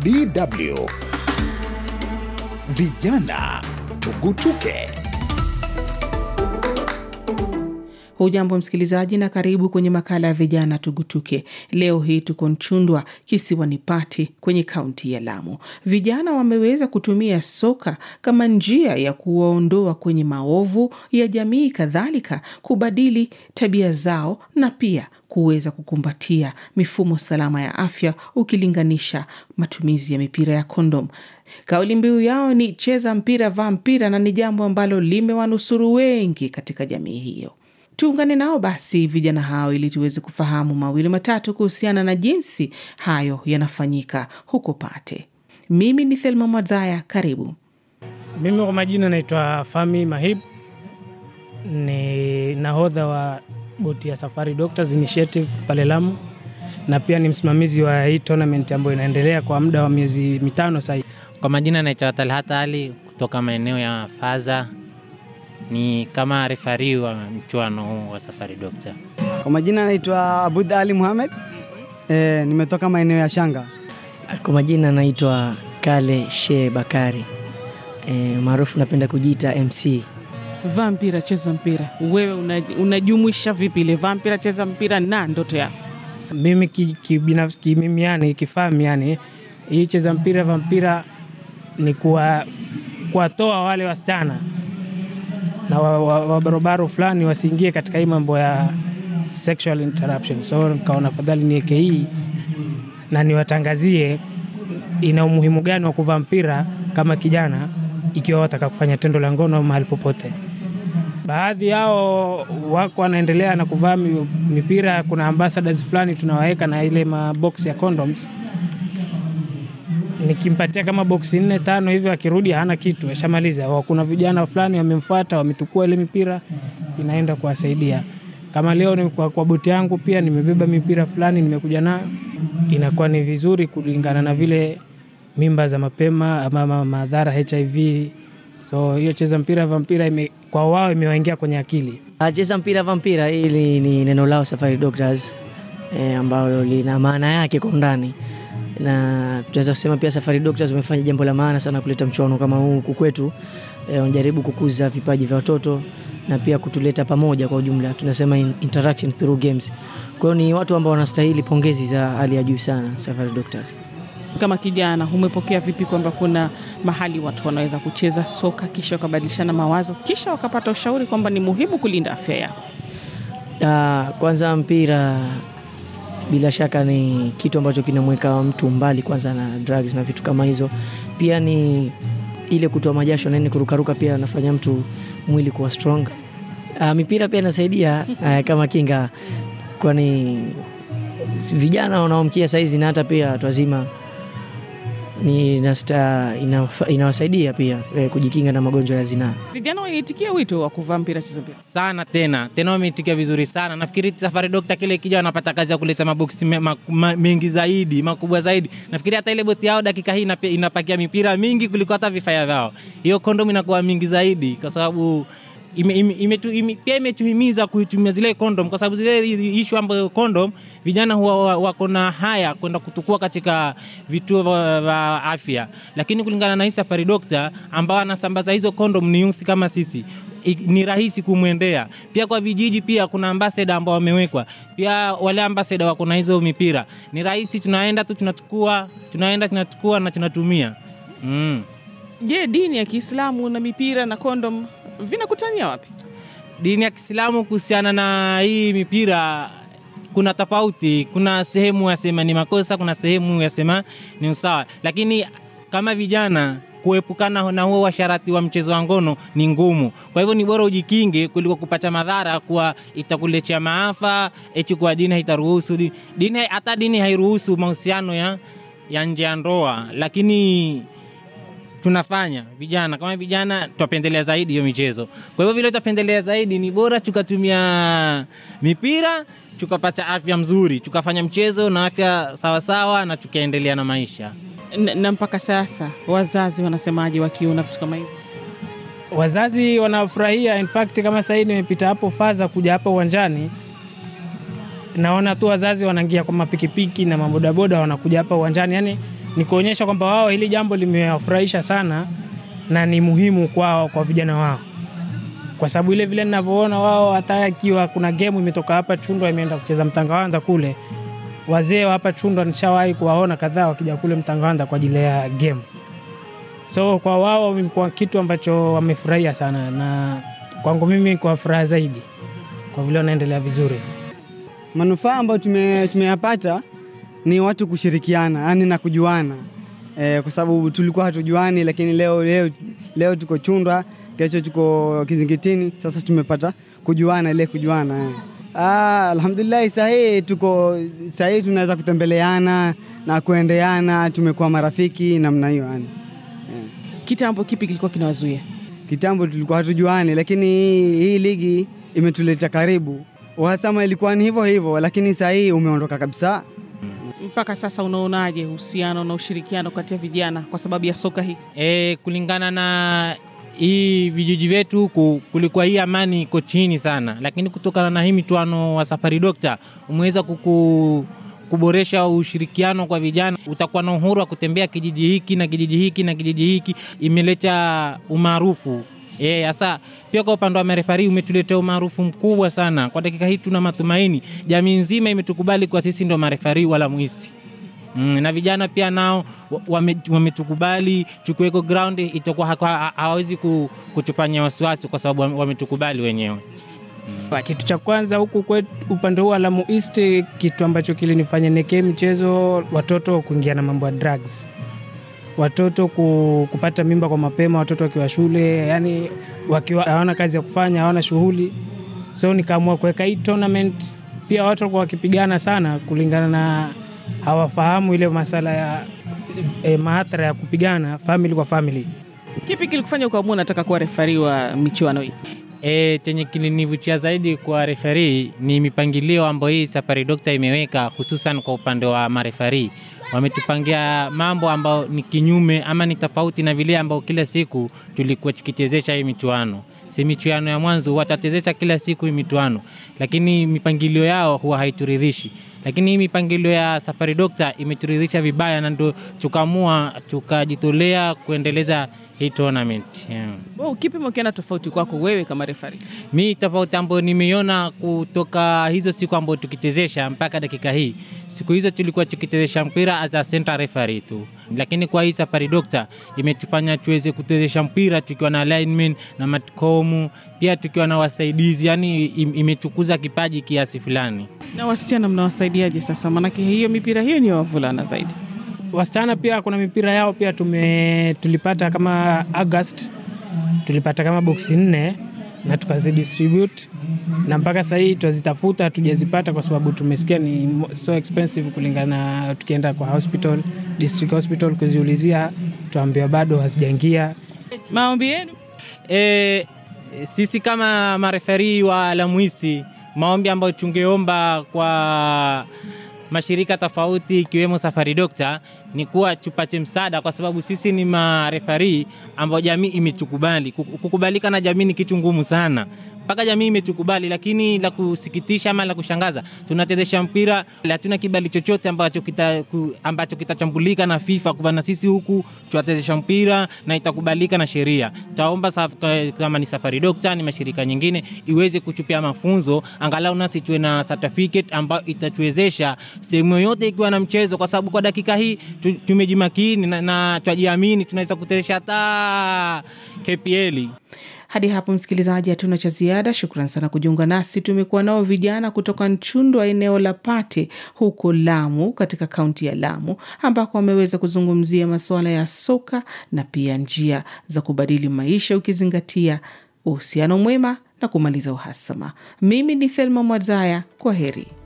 DW. Vijana tugutuke. Hujambo msikilizaji, na karibu kwenye makala ya vijana Tugutuke. Leo hii tuko Nchundwa kisiwani Pati kwenye kaunti ya Lamu. Vijana wameweza kutumia soka kama njia ya kuwaondoa kwenye maovu ya jamii, kadhalika kubadili tabia zao na pia kuweza kukumbatia mifumo salama ya afya ukilinganisha matumizi ya mipira ya kondom. Kauli mbiu yao ni cheza mpira, vaa mpira, na ni jambo ambalo limewanusuru wengi katika jamii hiyo. Tuungane nao basi vijana hao ili tuweze kufahamu mawili matatu kuhusiana na jinsi hayo yanafanyika huko Pate. Mimi ni Thelma Mwadzaya, karibu. Mimi kwa majina naitwa Fami Mahib, ni nahodha wa boti ya Safari Doctors Initiative pale Lamu, na pia ni msimamizi wa hii tournament ambayo inaendelea kwa muda wa miezi mitano sasa. Kwa majina naitwa Talhata Ali kutoka maeneo ya Faza ni kama refari wa mchuano huu wa Safari Dokta. Kwa majina naitwa Abud Ali Muhamed. Mhm. E, eh, nimetoka maeneo ya Shanga. Kwa majina naitwa Kale she Bakari e, maarufu napenda kujiita MC. Vaa mpira cheza mpira, wewe unajumuisha una vipi ile vaa mpira cheza mpira na ndoto yako? Mimi kibinafsi ki, mimi yani kifahamu yani hii cheza mpira vaa mpira ni kuwatoa wale wasichana na wabarobaro wa, wa fulani wasiingie katika hii mambo ya sexual interruption. So nikaona fadhali niweke hii na niwatangazie ina umuhimu gani wa kuvaa mpira kama kijana ikiwa wataka kufanya tendo la ngono mahali popote. Baadhi yao wako wanaendelea na kuvaa mipira. Kuna ambassadors fulani tunawaweka na ile mabox ya condoms nikimpatia kama boksi nne tano hivyo, akirudi hana kitu, ashamaliza. Kuna vijana fulani wamemfuata, wametukua ile mipira, inaenda kuwasaidia. Kama leo ni kwa, kwa boti yangu pia nimebeba mipira fulani, nimekuja nayo, inakuwa ni vizuri kulingana na vile mimba za mapema ama madhara HIV. So hiyo cheza mpira va mpira ime, kwa wao imewaingia kwenye akili. Ah, cheza mpira va mpira, hili ni neno lao Safari Doctors, e, ambalo lina maana yake kwa undani na tunaweza kusema pia Safari Doctors wamefanya jambo la maana sana kuleta mchuano kama huu huku kwetu. Eh, wanajaribu e, kukuza vipaji vya watoto na pia kutuleta pamoja kwa ujumla, tunasema in, interaction through games. Kwa hiyo ni watu ambao wanastahili pongezi za hali ya juu sana, Safari Doctors. Kama kijana umepokea vipi kwamba kuna mahali watu wanaweza kucheza soka kisha wakabadilishana mawazo kisha wakapata ushauri kwamba ni muhimu kulinda afya yako? Uh, kwanza mpira bila shaka ni kitu ambacho kinamweka mtu mbali kwanza na drugs na vitu kama hizo. Pia ni ile kutoa majasho na kurukaruka, pia anafanya mtu mwili kuwa strong. Uh, mipira pia inasaidia uh, kama kinga, kwani vijana wanaomkia saizi na hata pia watu wazima ni nasta, inawasaidia pia eh, kujikinga na magonjwa ya zinaa. Vijana waitikia wito wa kuvaa mpira, cheza mpira sana, tena tena wameitikia vizuri sana. Nafikiri safari dokta kile kija wanapata kazi ya kuleta maboksi ma, ma, mengi zaidi makubwa zaidi. Nafikiri hata ile boti yao dakika hii inapakia mipira mingi kuliko hata vifaa vyao, hiyo kondomu inakuwa mingi zaidi kwa sababu ime, ime, ime, ime, pia imetuhimiza kuitumia zile kondom, kwa sababu zile ishu ambayo kondom vijana huwa wako na haya kwenda kutukua katika vituo vya afya, lakini kulingana na safari dokta ambao anasambaza hizo kondom ni youth kama sisi ni rahisi kumwendea. Pia kwa vijiji pia kuna ambasada ambao wamewekwa, pia wale ambasada wako na hizo mipira, ni rahisi, tunaenda tu tunachukua, tunaenda tunachukua na tunatumia mm. Je, dini ya Kiislamu na mipira na kondom vinakutania wapi? Dini ya Kiislamu kuhusiana na hii mipira kuna tofauti, kuna sehemu yasema ni makosa, kuna sehemu yasema ni usawa, lakini kama vijana kuepukana na huo washarati wa mchezo wa ngono ni ngumu. Kwa hivyo ni bora ujikinge kuliko kupata madhara, kuwa itakuletea maafa eti kwa dini haitaruhusu. Dini hata dini hairuhusu mahusiano ya, ya nje ya ndoa, lakini tunafanya vijana kama vijana twapendelea zaidi hiyo michezo kwa hivyo vile twapendelea zaidi ni bora tukatumia mipira tukapata afya mzuri tukafanya mchezo na afya sawasawa na tukaendelea na maisha na, na mpaka sasa wazazi wanasemaje wakiona vitu kama hivyo wazazi wanafurahia in fact kama sahii nimepita hapo faza kuja hapa uwanjani naona tu wazazi wanaingia kwa mapikipiki na mabodaboda wanakuja hapa uwanjani, yani ni kuonyesha kwamba wao hili jambo limewafurahisha sana na ni muhimu kwao, kwa vijana wao, kwa sababu ile vile ninavyoona wao, hata ikiwa kuna gemu imetoka hapa Chundwa imeenda kucheza Mtangawanda kule, wazee wa hapa Chundwa nishawahi kuwaona kadhaa wakija kule Mtangawanda kwa ajili ya gemu. So kwa wao imekuwa kitu ambacho wamefurahia sana, na kwangu mimi kwa furaha zaidi kwa vile wanaendelea vizuri manufaa ambayo tumeyapata tume ni watu kushirikiana yani na kujuana e, kwa sababu tulikuwa hatujuani, lakini leo, leo, leo tuko Chundwa, kesho tuko Kizingitini. Sasa tumepata kujuana, ile kujuana e. Ah, alhamdulillah sahii tuko sahii tunaweza kutembeleana na kuendeana, tumekuwa marafiki namna hiyo yani. E. Kitambo kipi kilikuwa kinawazuia? Kitambo tulikuwa hatujuani, lakini hii ligi imetuleta karibu uhasama ilikuwa ni hivyo hivyo, lakini saa hii umeondoka kabisa. Mpaka sasa unaonaje uhusiano na ushirikiano kati ya vijana kwa sababu ya soka hii? E, kulingana na hii vijiji vyetu huku kulikuwa hii amani iko chini sana, lakini kutokana na hii mitwano wa Safari Dokta umeweza kuku kuboresha ushirikiano kwa vijana. Utakuwa na uhuru wa kutembea kijiji hiki na kijiji hiki na kijiji hiki, imeleta umaarufu Eh, hasa pia kwa upande wa marefari umetuletea umaarufu mkubwa sana. Kwa dakika hii tuna matumaini jamii nzima imetukubali kwa sisi ndio marefari wala muisti. Mm, na vijana pia nao wametukubali wame tukiweko ground itakuwa hawawezi kutupanya wasiwasi kwa sababu wametukubali wenyewe. Mm. Kitu cha kwanza huku upande huu Alamu East, kitu ambacho kilinifanya nekee mchezo watoto kuingia na mambo ya drugs watoto kupata mimba kwa mapema, watoto wakiwa shule, yani wakiwa hawana kazi ya kufanya, hawana shughuli. So nikaamua kuweka hii tournament. Pia watu walikuwa wakipigana sana, kulingana na hawafahamu ile masala ya e, eh, maathara ya kupigana famili kwa famili Kipi kilikufanya ukaamua nataka kuwa refari wa michuano hii? E, chenye kilinivutia zaidi kwa refarii ni mipangilio ambayo hii safari dokta imeweka, hususan kwa upande wa marefarii. Wametupangia mambo ambayo ni kinyume ama ni tofauti na vile ambao kila siku tulikuwa tukichezesha hii michuano. Si michuano ya mwanzo watatezesha kila siku hii michuano, lakini mipangilio yao huwa haituridhishi lakini hii mipangilio ya safari dokta imeturidhisha vibaya, na ndo tukamua tukajitolea kuendeleza hii tournament yeah. Oh, kipi mkiona tofauti kwako wewe kama refari? Mi tofauti ambayo nimeiona kutoka hizo siku ambayo tukitezesha mpaka dakika hii, siku hizo tulikuwa tukitezesha mpira as a center referee tu, lakini kwa hii safari dokta imetufanya tuweze kutezesha mpira tukiwa na linemen na matkomu, pia tukiwa na wasaidizi, yani imetukuza kipaji kiasi fulani. Na wasichana mnawasaidiaje sasa? Maanake hiyo mipira hiyo ni ya wavulana zaidi. Wasichana pia kuna mipira yao pia tume, tulipata kama August tulipata kama boksi nne na tukazidistribute na mpaka sasa hii twazitafuta hatujazipata kwa sababu tumesikia ni so expensive kulingana, tukienda kwa hospital district hospital kuziulizia tuambiwa bado hazijaingia. Maombi yenu e, sisi kama mareferi wa Lamuisi maombi ambayo tungeomba kwa mashirika tofauti ikiwemo Safari Dokta ni kuwa tupate msaada, kwa sababu sisi ni marefari ambao jamii imetukubali. Kukubalika na jamii ni kitu ngumu sana, mpaka jamii imetukubali. Lakini la kusikitisha ama la kushangaza, tunachezesha mpira, hatuna kibali chochote ambacho kita ambacho kitachambulika na FIFA kuvana sisi huku tuwachezesha mpira na itakubalika na sheria. Taomba kama ni Safari Dokta ni mashirika nyingine iweze kuchupia mafunzo, angalau nasi tuwe na certificate ambayo itatuwezesha sehemu yoyote ikiwa na mchezo, kwa sababu kwa dakika hii tumejimakini na, na twajiamini tunaweza kutesha hata KPL. Hadi hapo msikilizaji, hatuna cha ziada. Shukran sana kujiunga nasi. Tumekuwa nao vijana kutoka Nchundwa, eneo la Pate huko Lamu, katika kaunti ya Lamu, ambako wameweza kuzungumzia masuala ya soka na pia njia za kubadili maisha ukizingatia uhusiano mwema na kumaliza uhasama. Mimi ni Thelma Mwazaya, kwa heri.